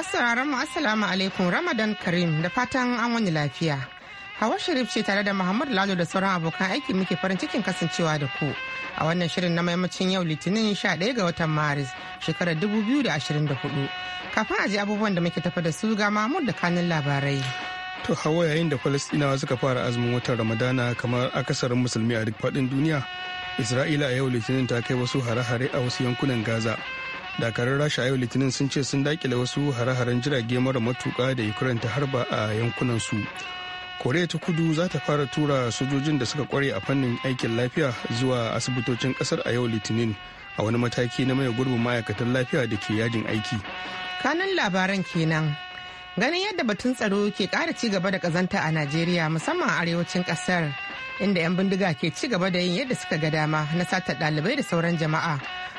Masu mu Assalamu alaikum Ramadan Karim da fatan an wani lafiya. Hawa Sharif ce tare da muhammadu Lalo da sauran abokan aiki muke farin cikin kasancewa da ku a wannan shirin na maimacin yau Litinin sha 11 ga watan Maris shekarar dubu biyu da da ashirin hudu Kafin a je abubuwan da muke tafa da su ga Mahmud da kanin labarai. To hawa yayin da Falastinawa suka fara azumin watan Ramadana kamar akasarin musulmi a duk faɗin duniya, Isra'ila a yau Litinin ta kai wasu hare-hare a wasu yankunan Gaza. dakarun rasha yau litinin sun ce sun dakile wasu hare-haren jirage mara matuka da ukraine ta harba a yankunan su koreya ta kudu za ta fara tura sojojin da suka kware a fannin aikin lafiya zuwa asibitocin kasar a yau litinin a wani mataki na maye gurbin ma'aikatan lafiya da ke yajin aiki kanun labaran kenan ganin yadda batun tsaro ke kara ci gaba da kazanta a najeriya musamman a arewacin kasar inda 'yan bindiga ke ci gaba da yin yadda suka ga dama na satar ɗalibai da sauran jama'a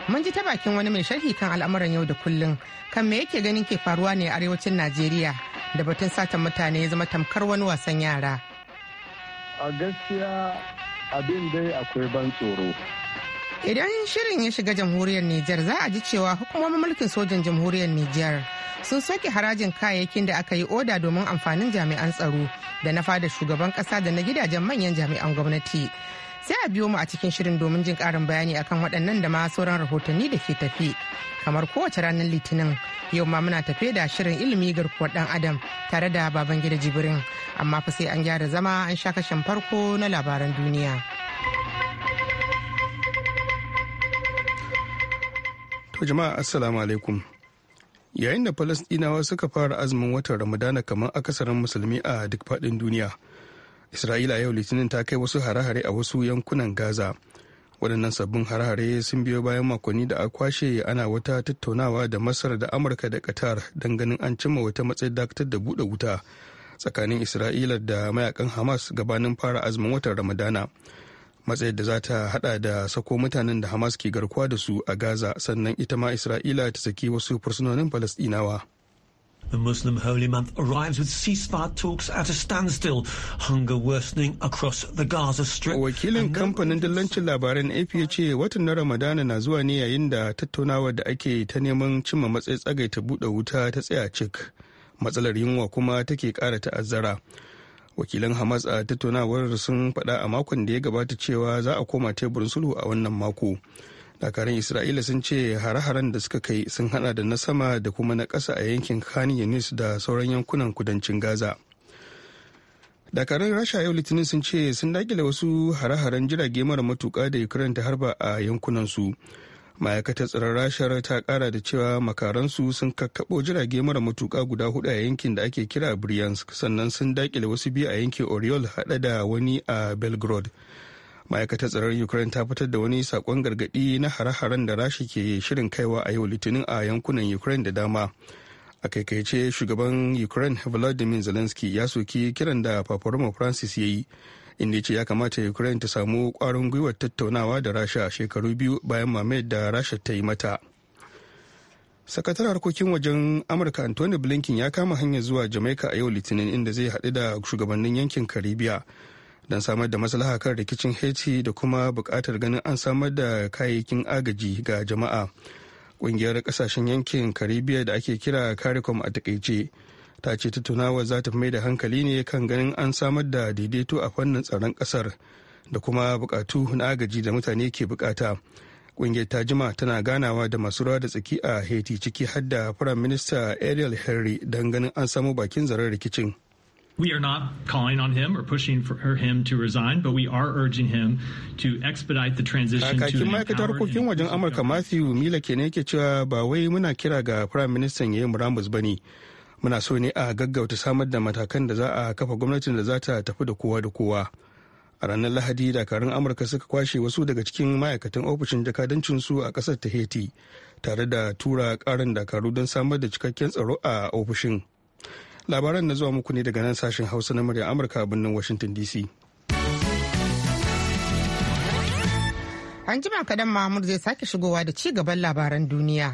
mun ji ta bakin wani mai sharhi kan al'amuran yau da kullum kan me yake ganin ke faruwa ne a arewacin najeriya da batun satan mutane ya zama tamkar wani wasan yara a gaskiya abin dai akwai ban tsoro idan shirin ya shiga jamhuriyar niger za a ji cewa hukumomin mulkin sojan jamhuriyar niger sun soke harajin kayayyakin da aka yi oda domin amfanin jami'an tsaro da na fada shugaban kasa da na gidajen manyan jami'an gwamnati sai a biyo mu a cikin shirin domin jin karin bayani akan waɗannan da ma sauran rahotanni da ke tafi kamar kowace ranar litinin yau ma muna tafe da shirin ilimi garkuwar dan adam tare da baban gida jibirin amma fa sai an gyara zama an sha kashen farko na labaran duniya to jama'a assalamu alaikum yayin da falasɗinawa suka fara azumin watan ramadana kamar akasarin musulmi a duk faɗin duniya isra'ila yau litinin ta kai wasu hare-hare a wasu yankunan gaza waɗannan sabbin hare-hare sun biyo bayan makonni da a kwashe ana wata tattaunawa da masar da amurka da qatar don ganin an cimma wata matsayin dakatar da buɗe wuta tsakanin isra'ila da mayakan hamas gabanin fara azumin watan ramadana matsayar da za ta hada da sako mutanen da hamas ke garkuwa da su a gaza sannan ita ma isra'ila ta saki wasu fursunonin falasɗinawa. The Muslim holy month arrives with ceasefire talks at a standstill, hunger worsening across the Gaza Strip. Wakilin kamfanin dillancin labaran AP ya ce watan na Ramadana na zuwa ne yayin da tattaunawar da ake ta neman cimma matsayi tsagaita buɗe wuta ta tsaya cik. Matsalar yunwa kuma take ƙara ta'azzara. wakilan hamas a tattaunawar sun faɗa a makon da ya gabata cewa za a koma teburin sulhu a wannan mako dakarun isra'ila sun ce hare-haren da suka kai sun hada da na sama da kuma na ƙasa a yankin khan yunis da sauran yankunan kudancin gaza dakarun rasha yau litinin sun ce sun dakile wasu hare-haren jirage mara matuka da ukraine ta harba a yankunansu ma'aikatar tsaron rasha ta kara da cewa makaransu sun kakkabo jirage mara matuka guda hudu a yankin da ake kira bryansk sannan sun dakile wasu biyu a yankin oriol hada da wani a belgrade ma'aikatar tsaron ukraine ta fitar da wani sakon gargadi na hare-haren da rasha ke shirin kaiwa a yau litinin a yankunan ukraine da dama a kaikaice shugaban ukraine vladimir zelensky ya soki kiran da paparoma francis ya yi inda ya ce ya kamata ukraine ta samu kwarin gwiwar tattaunawa da rasha shekaru biyu bayan mamayar da rasha ta yi mata sakatar harkokin wajen amurka anthony blinken ya kama hanyar zuwa jamaica a yau litinin inda zai haɗu da shugabannin yankin caribbean don samar da maslaha kan rikicin haiti da kuma buƙatar ganin an samar da kayayyakin agaji ga jama'a ƙungiyar ƙasashen yankin karibiya da ake kira caricom a takaice ta ce tattaunawar za ta mai da hankali ne kan ganin an samar da daidaito a fannin tsaron ƙasar da kuma buƙatu na agaji da mutane ke buƙata ƙungiyar ta jima tana ganawa da masu rawa da tsaki a haiti ciki har da firayim minista ariel henry don ganin an samu bakin zarar rikicin We are not calling on him or pushing for him to resign, but we are urging him to expedite the transition Kakakin ma'aikatar harkokin wajen Amurka Matthew Mila kenan yake cewa ba wai muna kira ga Prime Minister ya yi muramus ba ne. Muna so ne a gaggauta samar da matakan da za a kafa gwamnatin da za ta tafi da kowa da kowa. A ranar Lahadi dakarun Amurka suka kwashe wasu daga cikin ma'aikatan ofishin jakadancinsu a ƙasar ta tare da tura ƙarin dakaru don samar da cikakken tsaro a ofishin. labaran na zuwa muku ne daga nan sashen hausa na murya amurka a birnin washington dc an jima kadan mahmud zai sake shigowa da ci gaban labaran duniya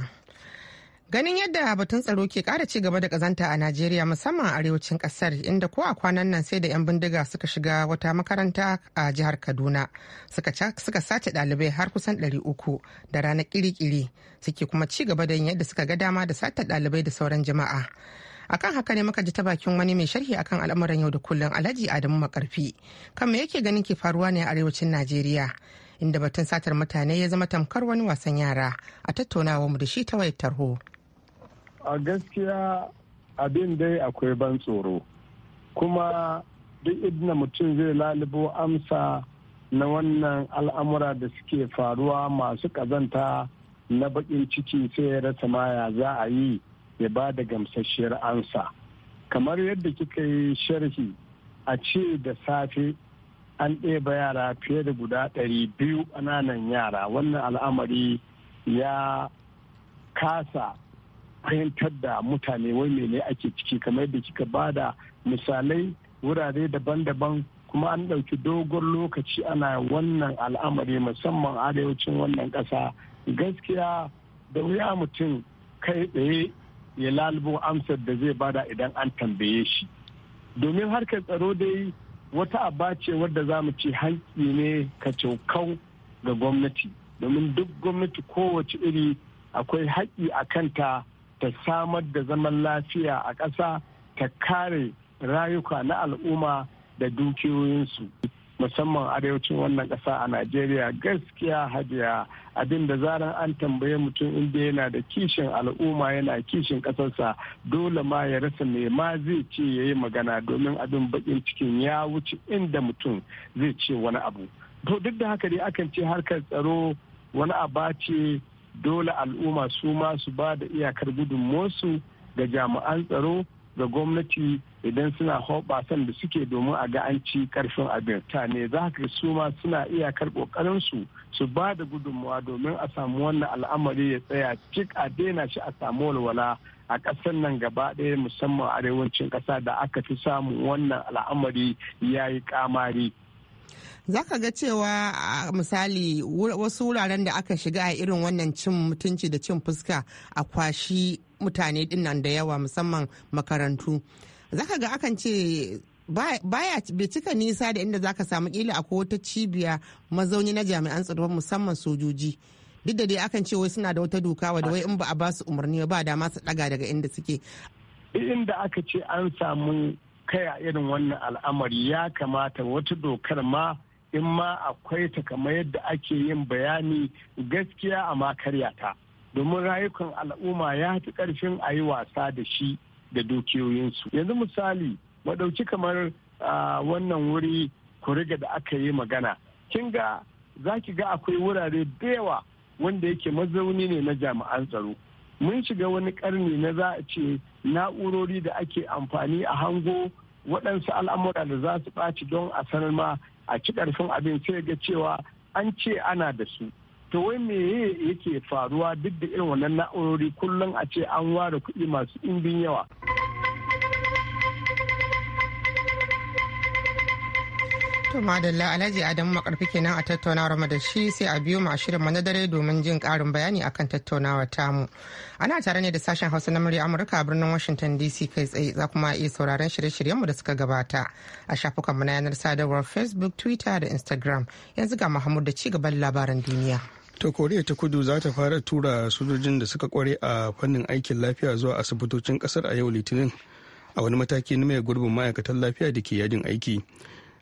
ganin yadda batun tsaro ke kara ci gaba da kazanta a najeriya musamman a arewacin kasar inda ko a kwanan nan sai da 'yan bindiga suka shiga wata makaranta a jihar kaduna suka sace dalibai har kusan uku da ranar kiri-kiri suke kuma ci gaba da yin yadda suka ga dama da sata dalibai da sauran jama'a akan haka ne muka ji ta bakin wani mai sharhi akan al'amuran yau da kullum alhaji adamu makarfi kan me yake ganin ke faruwa ne a arewacin najeriya inda batun satar mutane ya zama tamkar wani wasan yara a tattaunawa mu da shi ta wayar tarho a gaskiya abin dai akwai ban tsoro kuma duk inda mutum zai lalibo amsa na wannan al'amura da suke faruwa masu kazanta na bakin ciki sai ya rasa maya za a yi ya ba da gamsasshiyar ansa kamar yadda kika yi sharhi a ce da safe an ɗeba yara fiye da guda ɗari biyu ƙananan yara wannan al'amari ya kasa fahimtar da mutane wai mene ake ciki kamar yadda kika ba da misalai wurare daban-daban kuma an ɗauki dogon lokaci ana wannan al'amari musamman arewacin wannan ƙasa gaskiya da wuya mutum kai tsaye ya lalubo amsar da zai bada idan an tambaye shi domin harkar tsaro dai wata aba ce wadda za mu ci hanki ne ka kau ga gwamnati domin duk gwamnati kowace iri akwai haƙƙi a kanta ta samar da zaman lafiya a ƙasa ta kare rayuka na al'umma da dukiyoyinsu musamman arewacin wannan ƙasa a najeriya gaskiya hajiya abin da zarar an tambaye mutum inda yana da kishin al'umma yana kishin kasarsa dole ma ya rasa me ma zai ce ya yi magana domin abin bakin cikin ya wuce inda mutum zai ce wani abu to duk da haka dai akan ce harkar tsaro wani aba ce dole al'umma su ma su ba da iyakar gudunmosu ga jami'an tsaro ga gwamnati idan suna hoɓasan da suke domin a ga an ci karfin abin ta ne za ka su ma suna iyakar ƙoƙarinsu su ba da gudunmawa domin a samu wannan al'amari ya tsaya cik a daina shi a samu walwala a ƙasar nan gaba ɗaya musamman arewacin ƙasa da aka fi samun wannan al'amari ya yi ƙamari za ka ga cewa misali wasu wuraren da aka shiga a irin wannan cin mutunci da cin fuska a kwashi mutane dinnan da yawa musamman makarantu za ka ga akan ce baya bai cika nisa da inda za ka samu kila a wata cibiya mazauni na jami'an tsaro musamman sojoji duk da dai akan ce wai suna da wata doka wadda wai in ba a ba su umarni ba dama su daga daga inda suke inda aka ce an samu kai a irin wannan al'amari ya kamata wata dokar ma in ma akwai ta kamar yadda ake yin bayani gaskiya a makarya ta domin rayukan al'umma ya fi ƙarfin a yi wasa da shi da dukiyoyinsu yanzu misali maɗauki kamar wannan wuri kuriga da aka yi magana kin ga za ki ga akwai wurare da yawa wanda yake mazauni ne na jami'an tsaro mun shiga wani karni na za a ce na'urori da ake amfani a hango waɗansu al'amura da za su ɓaci don a sanar ma a ci ƙarfin abin sai ga cewa an ce ana da su to wai me yake faruwa duk da irin wannan na'urori kullum a ce an ware kuɗi masu ɗimbin yawa. To madalla Alhaji Adamu makarfi kenan a tattaunawar mu da shi sai a biyo mu shirin mu na dare domin jin karin bayani akan tattaunawar tamu. Ana tare ne da sashen Hausa na murya Amurka a birnin Washington DC kai tsaye za kuma iya sauraron shirye-shiryen mu da suka gabata a shafukan mu na yanar sadarwar Facebook, Twitter da Instagram. Yanzu ga Mahmud da ci gaban labaran duniya. ta koriya ta kudu za ta fara tura sojojin da suka kware a fannin aikin lafiya zuwa asibitocin kasar a yau litinin a wani mataki na mai gurbin ma'aikatan lafiya da ke yajin aiki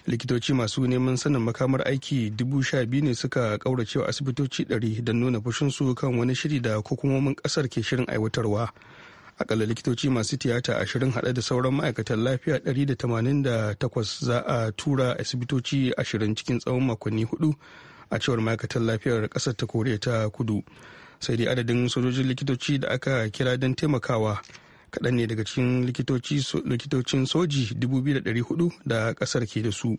likitoci masu neman sanin makamar aiki dubu sha biyu ne suka kaurace asibitoci ɗari don nuna fushinsu kan wani shiri da hukumomin kasar ke shirin aiwatarwa akalla likitoci masu tiyata ashirin haɗe da sauran ma'aikatan lafiya ɗari da tamanin da takwas za a tura asibitoci ashirin cikin tsawon makonni hudu a cewar ma'aikatan lafiyar ƙasar ta koriya ta kudu sai dai adadin sojojin likitoci da aka kira don taimakawa kaɗan ne daga cikin likitocin soji 2,400 da ƙasar ke da su.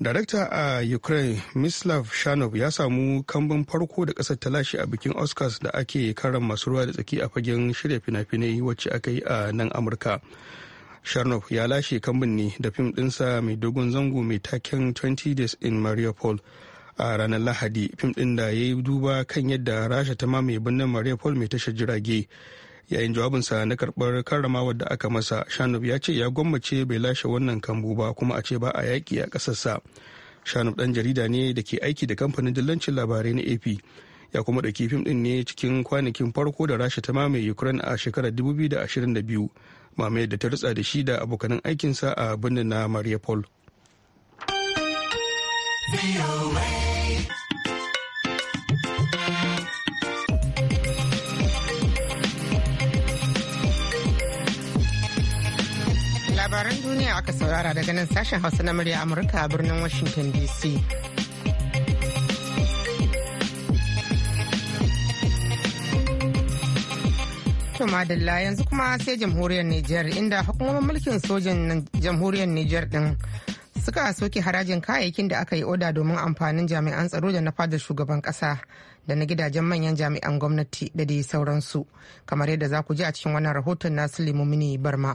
Darakta a Ukraine, Mislav Shanov ya samu kambun farko da ƙasar ta lashe a bikin Oscars da ake karan masu ruwa da tsaki a fagen shirya fina-finai wacce aka yi a nan Amurka. Shanov ya lashe kambun ne da fim ɗinsa mai dogon zango mai taken 20 Days in Mariupol. a ranar lahadi fim ɗin da ya yi duba kan yadda rasha ta mamaye birnin mariupol mai tashar jirage yayin jawabinsa na karbar karramawar da aka masa shanub ya ce ya gwammace bai lashe wannan kambu ba kuma a ce ba a yaƙi a ƙasarsa shanub ɗan jarida ne da ke aiki da kamfanin dillancin labarai na ap ya kuma ɗauki fim ɗin ne cikin kwanakin farko da rasha ta mamaye ukraine a shekarar 2022 mamayar da ta rutsa da shi da abokanin aikinsa a birnin na mariupol. duniya aka saurara daga nan sashen hausa na murya amurka a birnin washington dc to madalla yanzu kuma sai jamhuriyar niger inda hukumomin mulkin sojan jamhuriyar niger din suka soke harajin kayayyakin da aka yi oda domin amfanin jami'an tsaro da na fadar shugaban kasa da na gidajen manyan jami'an gwamnati da dai sauransu kamar yadda za ku ji a cikin wannan rahoton na sulemomini barma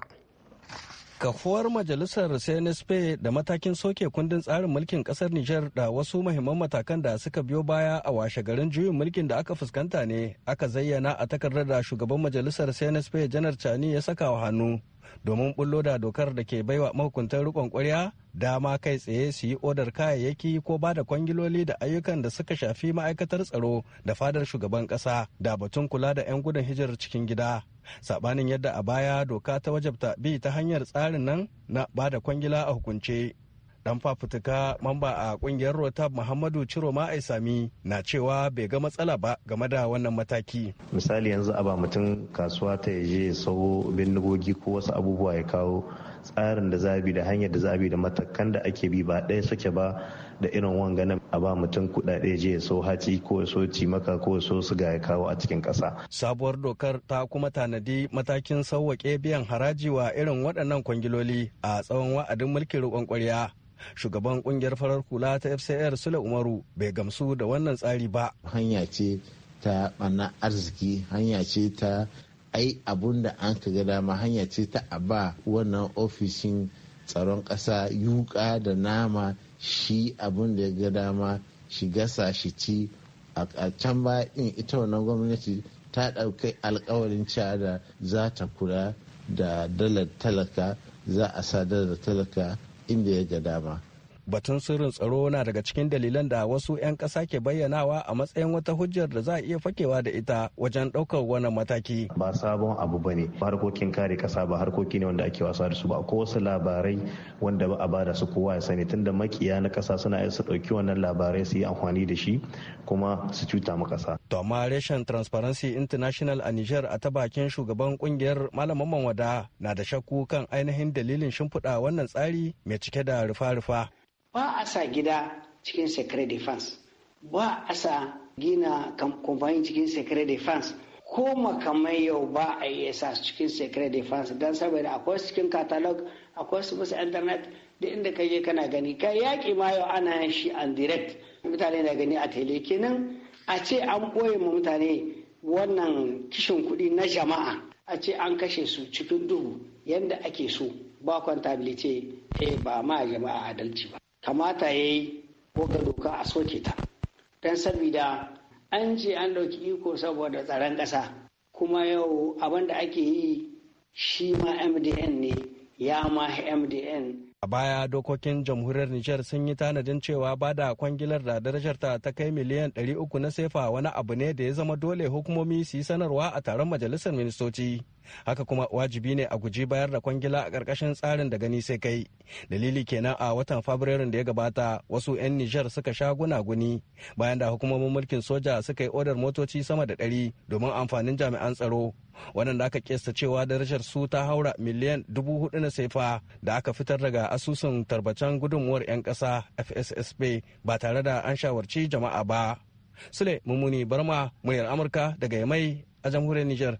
kafuwar majalisar cnsp da matakin soke kundin tsarin mulkin kasar nijar da wasu mahimman matakan da suka biyo baya a washe garin juyin mulkin da aka fuskanta ne aka zayyana a takardar da shugaban majalisar cnsp janar Chani ya saka wa hannu domin bullo da dokar da ke baiwa mahukuntan rikon kwarya dama kai tsaye su yi odar kayayyaki ko ba da kwangiloli da ayyukan da suka shafi ma'aikatar tsaro da fadar shugaban kasa da batun kula da 'yan gudun hijirar cikin gida sabanin yadda a baya doka ta wajabta bi ta hanyar tsarin nan na ba da kwangila a hukunce dan fafutuka mamba a kungiyar rotab muhammadu ciroma sami na cewa bai ga matsala ba game da wannan mataki misali yanzu a ba mutum kasuwa ta yaje sau bindigogi ko wasu abubuwa ya kawo tsarin da zabi da hanyar da zabi da matakan da ake bi ba ɗaya suke ba da irin wangana a ba mutum kuɗaɗe je so haci ko so cimaka ko so suga ya kawo a cikin ƙasa. sabuwar dokar ta kuma tanadi matakin sauwaƙe biyan haraji wa irin waɗannan kwangiloli a tsawon wa'adin mulkin riƙon ƙwarya shugaban kungiyar farar kula ta fcr sule umaru bai gamsu da wannan tsari ba hanya ce ta bana arziki hanya ce ta ai abun da an ka ga dama hanya ce ta a ba wannan ofishin tsaron ƙasa yuka da nama shi abun da ya ga dama shi gasa shi ci a can ba ita wannan gwamnati ta ɗauki alkawarin cewa da za ta kula da dalar talaka za a sa dalar talaka inda ya ga dama batun sirrin tsaro na daga cikin dalilan da wasu 'yan kasa ke bayyanawa a matsayin wata hujjar da za a iya fakewa da ita wajen ɗaukar wannan mataki. Ba sabon abu ba ne, harkokin kare ƙasa ba harkoki ne wanda ake wasa da su ba, ko wasu labarai wanda ba a bada su kowa ya sani tunda makiya na ƙasa suna yin su ɗauki wannan labarai su yi amfani da shi kuma su cuta mu ƙasa. To amma reshen Transparency International a Niger a ta bakin shugaban ƙungiyar Malaman Wada na da shakku kan ainihin dalilin shimfiɗa wannan tsari mai cike da rufa-rufa. ba a sa gida cikin secret defense ba a sa gina kamfani cikin secret defense ko makamai yau ba a iya sa cikin secret defense don saboda akwai cikin catalog akwai su musu internet da inda ka je kana gani ka yaƙi ma yau ana yin shi an direct mutane na gani a tele kenan a ce an ɓoye ma mutane wannan kishin kuɗi na jama'a a ce an kashe su cikin duhu yadda ake so ba kwanta e eh, ba ma jama'a adalci ba kamata ya yi ga doka a soke ta don sabida an ce an ɗauki iko saboda tsaron ƙasa kuma yau abin da ake yi shi ma mdn ne ya ma mdn baya dokokin jamhuriyar nijar sun yi tanadin cewa ba da kwangilar da darajarta ta kai miliyan 300 na sefa wani abu ne da ya zama dole hukumomi su yi sanarwa a taron majalisar ministoci haka kuma wajibi ne a guji bayar da kwangila a ƙarƙashin tsarin da gani sai kai dalili kenan a watan fabrairun da ya gabata wasu 'yan nijar suka sha guni bayan da hukumomin mulkin soja suka yi odar motoci sama da 100 domin amfanin jami'an tsaro waɗanda aka kesta cewa darajar su ta haura miliyan dubu hudu na sefa da aka fitar daga asusun tarbacen gudunmuwar 'yan ƙasa fssb ba tare da an shawarci jama'a ba sule mummuni barma muryar amurka daga yamai a jamhuriyar niger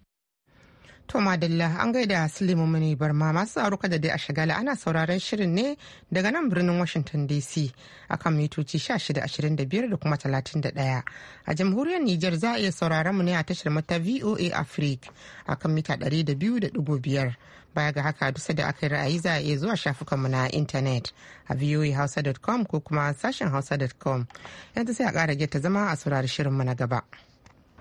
To Madalla an gaida Salimu Mani Barma masu aruka da dai a shagala ana sauraron shirin ne daga nan birnin Washington DC akan mitoci 1625 da kuma 31. A jamhuriyar Nijar za a iya sauraron mu ne a tashar mata VOA Africa akan mita 200.5. Baya ga haka dusa da aka ra'ayi za a iya zuwa shafukanmu na intanet a voahausa.com ko kuma sashen hausa.com. Yanzu sai a ƙara ta zama a saurari shirinmu na gaba.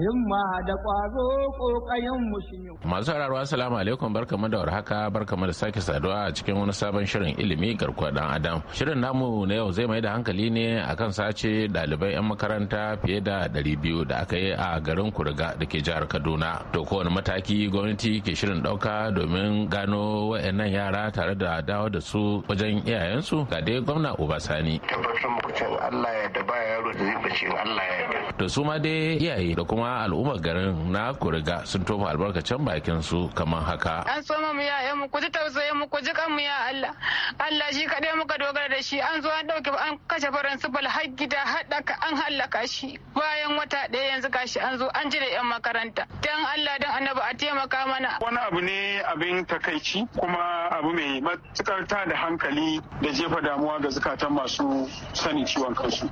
himma da ƙwazo ƙoƙayen mushimin. Masu sauraro assalamu alaikum barkamu da warhaka barkamu da sake saduwa a cikin wani sabon shirin ilimi garkuwa dan adam. Shirin namu na yau zai mai da hankali ne akan sace dalibai 'yan makaranta fiye da 200 biyu da aka yi a garin Kuriga da ke jihar Kaduna. To kowane mataki gwamnati ke shirin ɗauka domin gano wa'annan yara tare da dawo da su wajen iyayensu ga dai gwamna Obasani. Tabbatar muku Allah ya da ba yaro da zai bace Allah ya da. To su ma dai iyaye da kuma kuma al'ummar garin na kuriga sun tofa albarkacin bakin su kamar haka an so mu ya eh, mu ku ji tausayin mu ku ji kan mu ya Allah Allah shi kadai muka dogara da shi an zo an dauke an kashe faran har gida haɗaka an hallaka shi bayan wata ɗaya yanzu gashi an zo an ji da yan makaranta dan Allah dan annabi a taimaka mana wani abu ne abin takaici kuma abu mai matukar ta da hankali da jefa damuwa ga zukatan masu sani ciwon kansu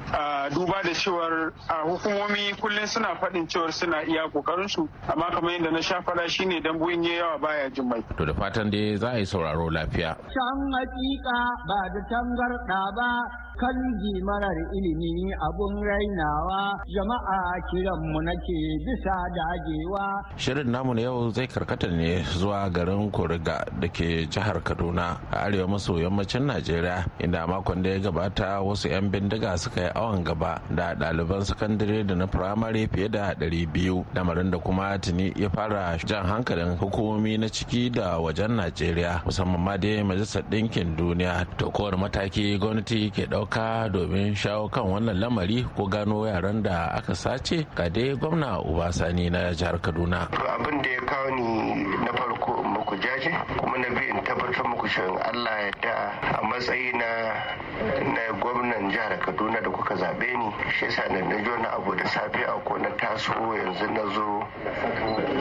duba da cewar hukumomi kullum suna faɗin cewar suna iya kokarin su amma kamar yadda na sha fara shine dambu ya yawa baya jin mai to da fatan dai za a yi sauraro lafiya can hakika ba da tangarda ba kanji marar ilimi abun rainawa jama'a kiranmu nake bisa dagewa. Shirin namu na yau zai karkata ne zuwa garin Kuriga da ke jihar Kaduna a arewa maso yammacin Najeriya inda makon da ya gabata wasu 'yan bindiga suka yi awon gaba da ɗaliban sakandare da na firamare fiye da ɗari biyu lamarin da kuma tuni ya fara jan hankalin hukumomi na ciki da wajen Najeriya musamman ma dai majalisar ɗinkin duniya to kowane mataki gwamnati ke ɗauka taimaka domin shawo kan wannan lamari ko gano yaran da aka sace ga dai gwamna ubasani na jihar Kaduna. Abin da ya kawo ni na farko muku jaje kuma na biyu in tabbatar muku shirin Allah ya da a matsayi na gwamnan jihar Kaduna da kuka zaɓe ni shi yasa na na jona abu da safe a ko na taso yanzu na zo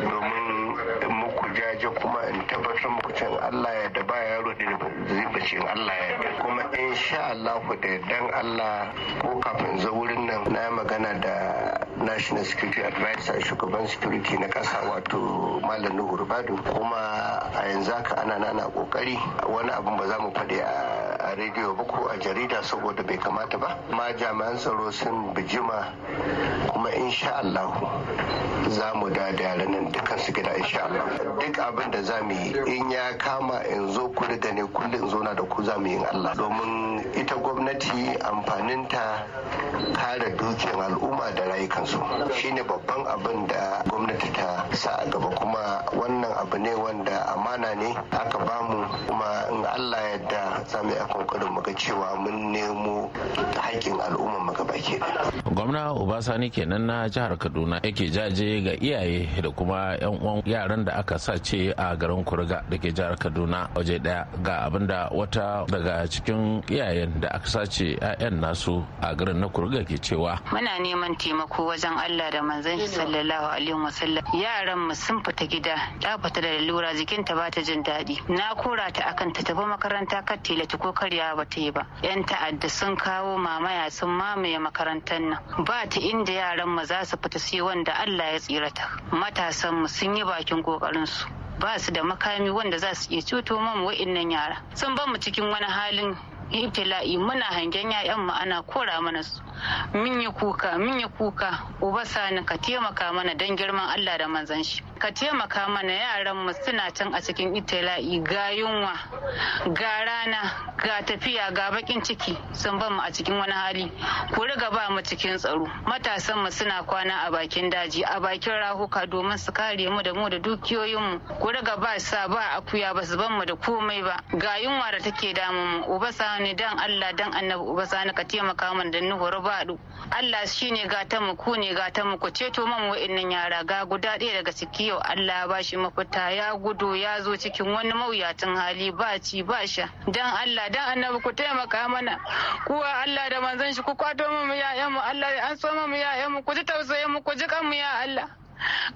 domin muku jaje kuma in tabbatar can Allah ya da ba yaro da zai bace Allah ya da kuma insha Allah da dan Allah ko kafin zo wurin nan na magana da national security advisor shugaban security na kasa wato malam nuhu badu kuma a yanzu haka ana nana kokari wani abin ba za mu faɗi a rediyo ba ko a jarida saboda bai kamata ba ma jami'an tsaro sun bijima kuma insha Allah za mu da yaran nan dukkan su gida insha Allah duk abin da za mu yi in ya kama in zo ku da ne kullum in zo na da ku za mu yi Allah domin ita gwamnati amfaninta kare dukiyar al'umma da rayukansu su shine babban abin da gwamnati ta sa a gaba kuma wannan abu ne wanda amana ne aka bamu kuma in allah yadda za mu yi a kokarin mu ga cewa mun nemo haƙƙin al'umma mu gaba ke gwamna obasani kenan na jihar kaduna yake jaje ga iyaye da kuma yan uwan yaran da aka sace a garin kurga da ke jihar kaduna waje daya ga abin wata daga cikin iyayen da aka sace 'ya'yan nasu a garin na kurga ke cewa muna neman taimako wajen allah da manzon shi sallallahu alaihi wasallam yaran mu sun fita gida ta fita da lura jikinta ba ta jin daɗi na kora ta akan ta tafi makaranta kar ta killace ko karya ba ta yi ba yan ta'adda sun kawo mamaya sun mamaye makarantar nan ba ta inda yaran mu za su fita sai wanda Allah ya tsirata matasan mu sun yi bakin kokarin su ba su da makami wanda za su iya cuto mamu wa'innan yara sun ba mu cikin wani halin ibtila'i muna hangen 'ya'yan mu ana kora mana su min kuka min kuka uba sani ka taimaka mana don girman Allah da manzan shi ka taimaka mana yaran mu suna can a cikin itila'i ga yunwa ga rana ga tafiya ga bakin ciki sun ban mu a cikin wani hali ku riga ba mu cikin tsaro matasan mu suna kwana a bakin daji a bakin rahuka domin su kare mu da mu da dukiyoyin mu ku riga ba sa ba akuya ba su ban mu da komai ba ga yunwa da take damun mu uba sani dan Allah dan annabi uba sani ka taimaka mana da nuhu baɗu Allah shine gata mu ku ne gata mu ku ceto man wa'annan yara ga guda ɗaya daga ciki yau Allah ba shi mafita ya gudu ya zo cikin wani mawuyacin hali ba ci ba sha dan Allah dan annabi ku taimaka mana kuwa Allah da manzon shi ku kwato mu yayan mu Allah an so mu yayan mu ku ji tausayin mu ku ji kan mu ya Allah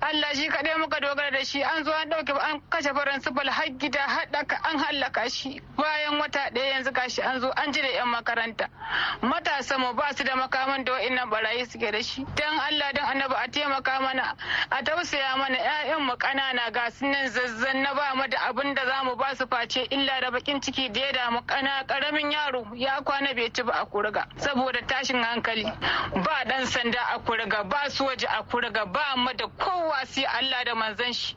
Allah shi kaɗai muka dogara da shi an zo an ɗauke an kashe faran har gida haɗaka an hallaka shi bayan wata ɗaya yanzu gashi an zo an ji 'yan makaranta matasa mu ba su da makaman da wa'innan barayi suke da shi dan Allah dan annabi a taimaka mana a tausaya mana 'ya'yan mu kanana ga su nan zazzan na ba mu da abin da zamu ba su face illa da bakin ciki da ya damu ƙana ƙaramin yaro ya kwana bai ci ba a kurga saboda tashin hankali ba dan sanda a kurga ba su waje a kurga ba mu da kowa sai Allah da manzon shi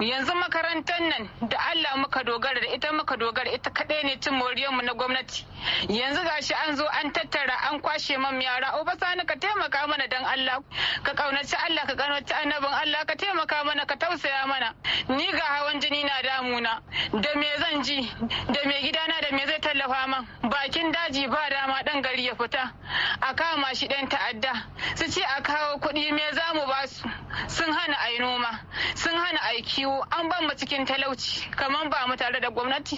yanzu makarantar nan da Allah muka dogara da ita muka dogara ita kadai ne cin moriyar mu na gwamnati yanzu gashi an zo an tattara an kwashe man yara Sani ka taimaka mana dan Allah ka kaunaci Allah ka kaunaci annabin Allah ka taimaka mana ka tausaya mana ni ga hawan jini na damuna da me zan ji da me gidana da me zai tallafa man bakin daji ba dama dan gari ya fita a kama shi dan ta'adda su ce a kawo kuɗi me za mu ba su sun hana a yi noma sun hana a yi kiwo an ban mu cikin talauci kamar ba mu tare da gwamnati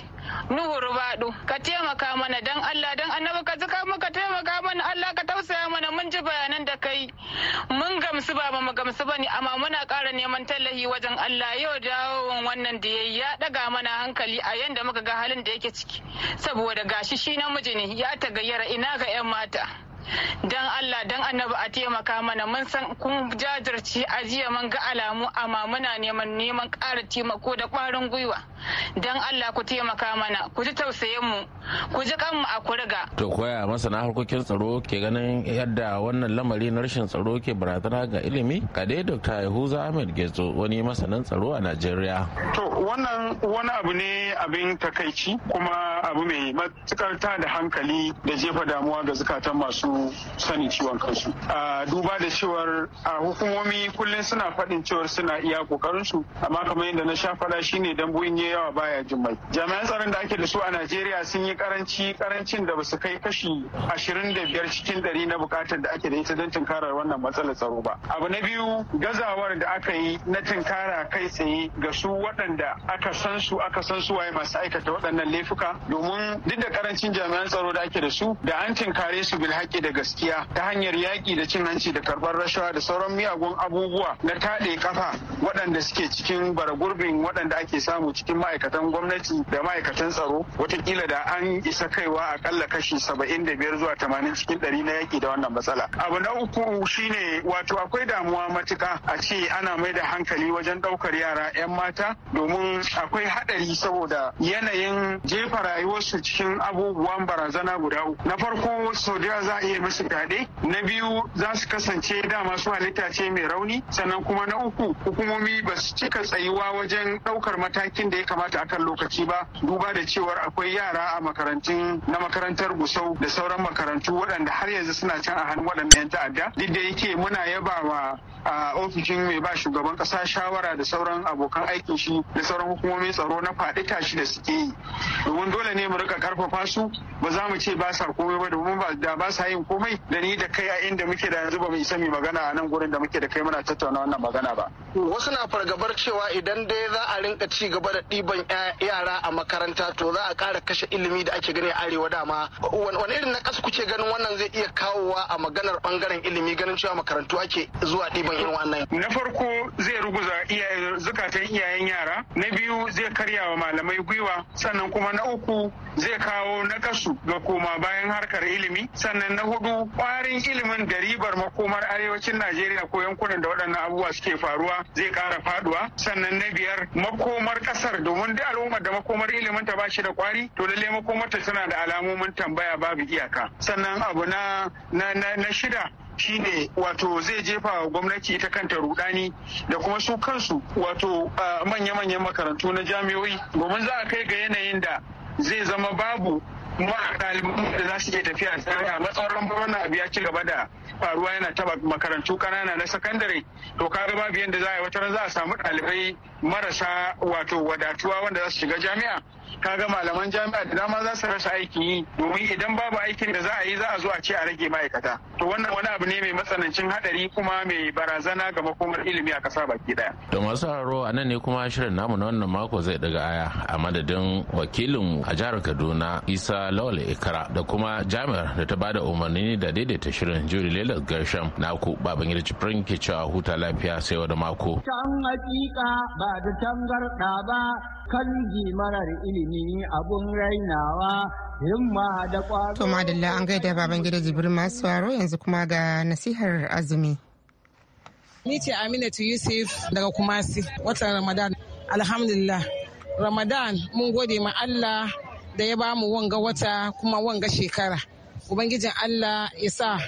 nuhu rubado ka taimaka mana dan allah dan annabi ka zuka mu ka taimaka mana allah ka tausaya mana mun ji bayanan da kai mun gamsu ba mu gamsu bane amma muna ƙara neman tallahi wajen allah yau dawo wannan da yayi ya daga mana hankali a yanda muka ga halin da yake ciki saboda gashi shi namiji ne ya tagayyara ina ga 'yan mata dan Allah dan annabi a taimaka mana mun san kun jajirce a jiya mun ga alamu amma muna neman neman ƙara taimako da ƙwarin gwiwa dan Allah ku taimaka mana ku ji tausayin mu ku ji kanmu a kurga. to koya masana harkokin tsaro ke ganin yadda wannan lamari na rashin tsaro ke barazana ga ilimi kadai Dr. Yahuza Ahmed Gezo wani masanin tsaro a Najeriya to wannan wani abu ne abin takaici kuma abu mai matukar da hankali da jefa damuwa ga zukatan masu sani ciwon kansu duba da cewar a hukumomi kullum suna faɗin cewar suna iya su amma kamar yadda na sha faɗa shine dambu ya yawa baya jimai jami'an tsaron da ake da su a najeriya sun yi karanci karancin da basu kai kashi ashirin da biyar cikin ɗari na bukatar da ake da ita don tunkarar wannan matsalar tsaro ba abu na biyu gazawar da aka yi na tunkara kai tsaye ga su waɗanda aka san su aka san su waye masu aikata waɗannan laifuka domin duk da karancin jami'an tsaro da ake da su da an tunkare su bil haƙƙi da gaskiya ta hanyar yaƙi da cin hanci da karɓar rashawa da sauran miyagun abubuwa na taɗe kafa waɗanda suke cikin baragurbin waɗanda ake samu cikin ma'aikatan gwamnati da ma'aikatan tsaro watakila da an isa kaiwa akalla kashi saba'in da biyar zuwa tamanin cikin ɗari na yaƙi da wannan matsala. Abu na uku shine wato akwai damuwa matuka a ce ana mai da hankali wajen ɗaukar yara 'yan mata domin akwai haɗari saboda yanayin jefa rayuwarsu cikin abubuwan barazana guda uku. Na farko sau za a iya iya musu fyaɗe na biyu za su kasance dama su halitta ce mai rauni sannan kuma na uku hukumomi ba su cika tsayuwa wajen ɗaukar matakin da ya kamata akan lokaci ba duba da cewar akwai yara a makarantun na makarantar gusau da sauran makarantu waɗanda har yanzu suna can a hannun waɗannan 'yan ta'adda duk da yake muna yabawa a ofishin mai ba shugaban ƙasa shawara da sauran abokan aikin shi da sauran hukumomin tsaro na faɗi tashi da suke yi domin dole ne mu rika karfafa su ba za mu ce ba sa komai ba domin ba da ba sa yin komai da ni da kai a inda muke da yanzu ba mu isa mu magana a nan gurin da muke da kai muna tattauna wannan magana ba. Wasu na fargabar cewa idan dai za a rinka ci gaba da ɗiban yara a makaranta to za a ƙara kashe ilimi da ake gani a arewa dama. Wani irin na kuke ganin wannan zai iya kawowa a maganar bangaren ilimi ganin cewa makarantu ake zuwa ɗiban irin wannan. Na farko zai ruguza zukatan iyayen yara, na biyu zai karya wa malamai gwiwa, sannan kuma na uku zai kawo na ga koma bayan harkar ilimi, sannan na hudu kwarin ilimin da ribar makomar arewacin najeriya ko yankunan da waɗannan abubuwa suke faruwa zai kara faduwa sannan na biyar makomar kasar domin duk al'ummar da makomar ilimin ta bashi da kwari to lalle makomar ta tana da alamomin tambaya babu iyaka sannan abu na na shida shine wato zai jefa wa gwamnati ita kanta rudani da kuma su kansu wato manya-manyan makarantu na jami'oi domin za a kai ga yanayin da zai zama babu muna ɗalibai da za su iya tafiya a tsare a matsayin abu ya ci gaba da faruwa yana taba makarantu kanana na sakandare to ka ga babu yadda za a yi wata za a samu ɗalibai marasa wato wadatuwa wanda za su shiga jami'a kaga malaman jami'a da dama za su rasa aikin yi domin idan babu aikin da za a yi za a zo a ce a rage ma'aikata to wannan wani abu ne mai matsanancin hadari kuma mai barazana ga makomar ilimi a kasa baki daya da masu haro a nan ne kuma shirin namu na wannan mako zai daga aya a madadin wakilin a jihar kaduna isa lawal ikara da kuma jami'ar da ta bada umarni da daidaita shirin juri lelas gersham naku baban gida jibrin ke cewa huta lafiya sai da mako. can hakika ba da tangarda ba kan ji marar ilimi ni abun rainawa himma da kwaro. To madalla an gaida baban gida Jibril masu yanzu kuma ga nasihar azumi. Ni ce Aminatu Yusuf daga Kumasi watan Ramadan. Alhamdulillah. Ramadan mun gode ma Allah da ya bamu wanga wata kuma wanga shekara. Ubangijin Allah ya sa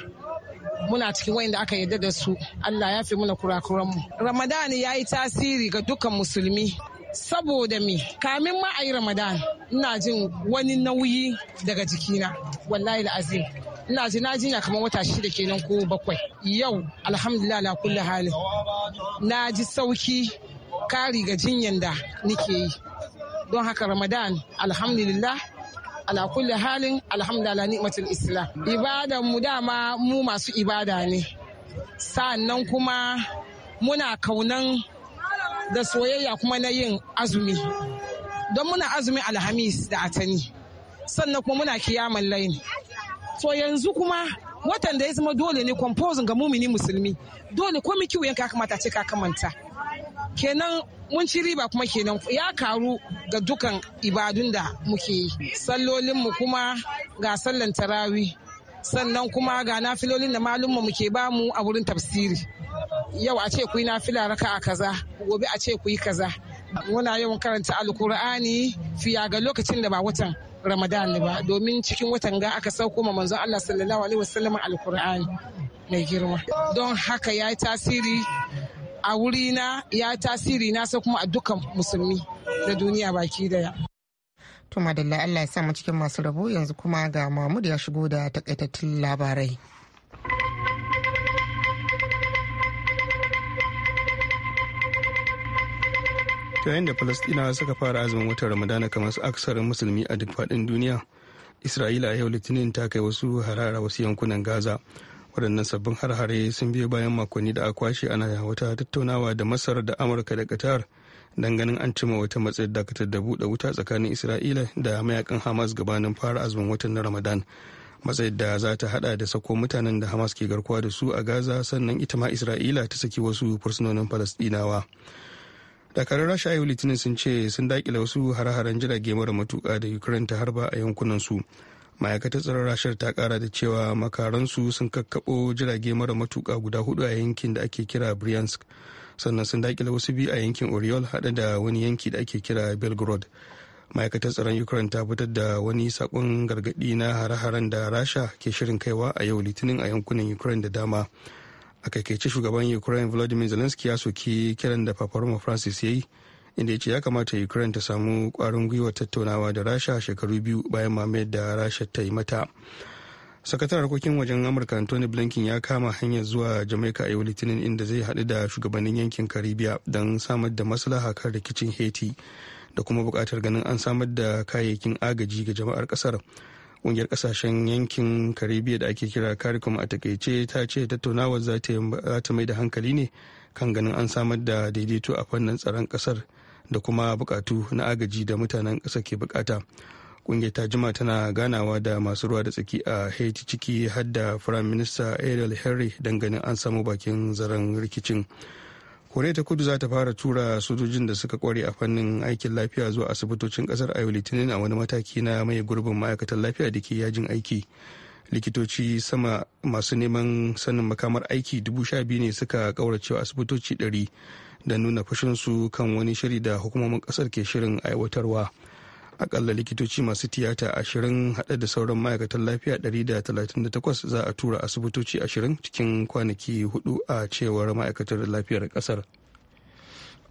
muna cikin da aka yarda da su Allah ya fi muna kurakuranmu. Ramadan ya yi tasiri ga dukkan musulmi saboda me kamin ma a yi ramadan ina jin wani nauyi daga jikina wallahi azim ina ji na jinya kamar wata shida kenan ko bakwai yau alhamdulillah na kulle halin na ji sauki kari ga jinyan da nike yi don haka ramadan alhamdulillah ala kulle halin alhamdulillah ni'matul islam ibadan mu dama mu masu ibada ne sa'annan kuma muna kaunan da soyayya kuma na yin azumi don muna azumi alhamis da atani sannan kuma muna kiyaman laini to yanzu kuma watan da ya zama dole ne composing ga mumini musulmi dole ko miki yanka kamata ce kakamanta kenan mun ci riba kuma kenan ya karu ga dukan ibadun da muke yi sallolinmu kuma ga sallan tarawi sannan kuma ga nafilolin da malumma muke bamu a wurin tafsiri yau a ce kuyi na fila raka a kaza gobe a ce kuyi kaza muna yawan karanta alkur'ani fiya ga lokacin da ba watan ramadan ba domin cikin watan ga aka sauko ma manzon Allah sallallahu alaihi wasallam alkur'ani mai girma don haka ya yi tasiri a wurina ya yi tasiri nasa kuma a dukkan musulmi na duniya baki daya to madalla Allah ya sa cikin masu rabo yanzu kuma ga Mahmud ya shigo da takaitattun labarai yayin da falastinawa suka fara azumin watan ramadana kamar su aksarin musulmi a duk faɗin duniya isra'ila yau litinin ta kai wasu harara wasu yankunan gaza waɗannan sabbin harhare sun biyo bayan makonni da a kwashe ana wata tattaunawa da masar da amurka da qatar dan ganin an cima wata matsayin dakatar da buɗe wuta tsakanin isra'ila da mayakan hamas gabanin fara azumin watan na ramadan matsayin da za ta hada da sako mutanen da hamas ke garkuwa da su a gaza sannan ita ma isra'ila ta saki wasu fursunonin falastinawa dakarun rasha yau litinin sun ce sun dakile wasu hare-haren jirage mara matuka da ukraine ta harba a yankunan su ma'aikatar tsaron rashar ta kara da cewa makaransu sun kakkabo jirage mara matuka guda hudu a yankin da ake kira bryansk sannan sun dakile wasu biyu a yankin oriol hada da wani yanki da ake kira belgrade ma'aikatar tsaron ukraine ta fitar da wani sakon gargadi na hare-haren da rasha ke shirin kaiwa a yau litinin a yankunan ukraine da dama a kaikaice shugaban ukraine vladimir zelensky ya soki kiran da paparoma francis ya yi inda ya ce ya kamata ukraine ta samu kwarin gwiwa tattaunawa da rasha shekaru biyu bayan mamayar da rasha ta yi mata sakataren harkokin wajen amurka anthony blinken ya kama hanyar zuwa jamaica a yau litinin inda zai haɗu da shugabannin yankin caribbean don samar da maslaha kan rikicin haiti da kuma buƙatar ganin an samar da kayayyakin agaji ga jama'ar ƙasar ƙungiyar ƙasashen yankin karibiya da ake kira caricom a takaice ta ce tattaunawar za ta mai da hankali ne kan ganin an samar da daidaito a fannin tsaron ƙasar da kuma bukatu na agaji da mutanen kasa ke bukata ƙungiyar ta jima tana ganawa da masu ruwa da tsaki a haiti ciki har da firayim minista ariel henry ganin an samu bakin zaren rikicin koriya ta kudu za ta fara tura sojojin da suka kware a fannin aikin lafiya zuwa asibitocin kasar ayo litinin a wani mataki na mai gurbin ma'aikatan lafiya da ke yajin aiki likitoci sama masu neman sanin makamar aiki dubu sha biyu ne suka wa asibitoci ɗari da nuna fushinsu kan wani shiri da hukumomin kasar ke shirin aiwatarwa. akalla likitoci masu tiyata ashirin haɗe da sauran ma'aikatan lafiya 138 za a tura asibitoci ashirin cikin kwanaki hudu a cewar ma'aikatar lafiyar ƙasar.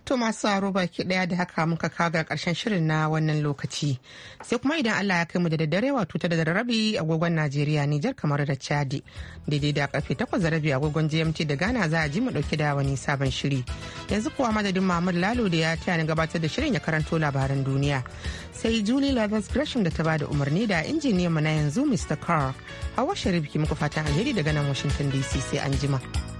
To masu aro baki daya da haka muka kaga karshen shirin na wannan lokaci. Sai kuma idan Allah ya kai mu da daddare wato ta da rabi agogon Najeriya Nijar kamar da Chadi. Daidai da karfe takwas da rabi agogon GMT da Ghana za a ji mu dauki da wani sabon shiri. Yanzu kuwa madadin Mahmud Lalo da ya taya ni gabatar da shirin ya karanto labaran duniya. Sai Julie Lathers Gresham da ta ba da umarni da injiniyan mu na yanzu Mr. Carr. Hawa Sharif ki muku fatan alheri daga nan Washington DC sai anjima. jima.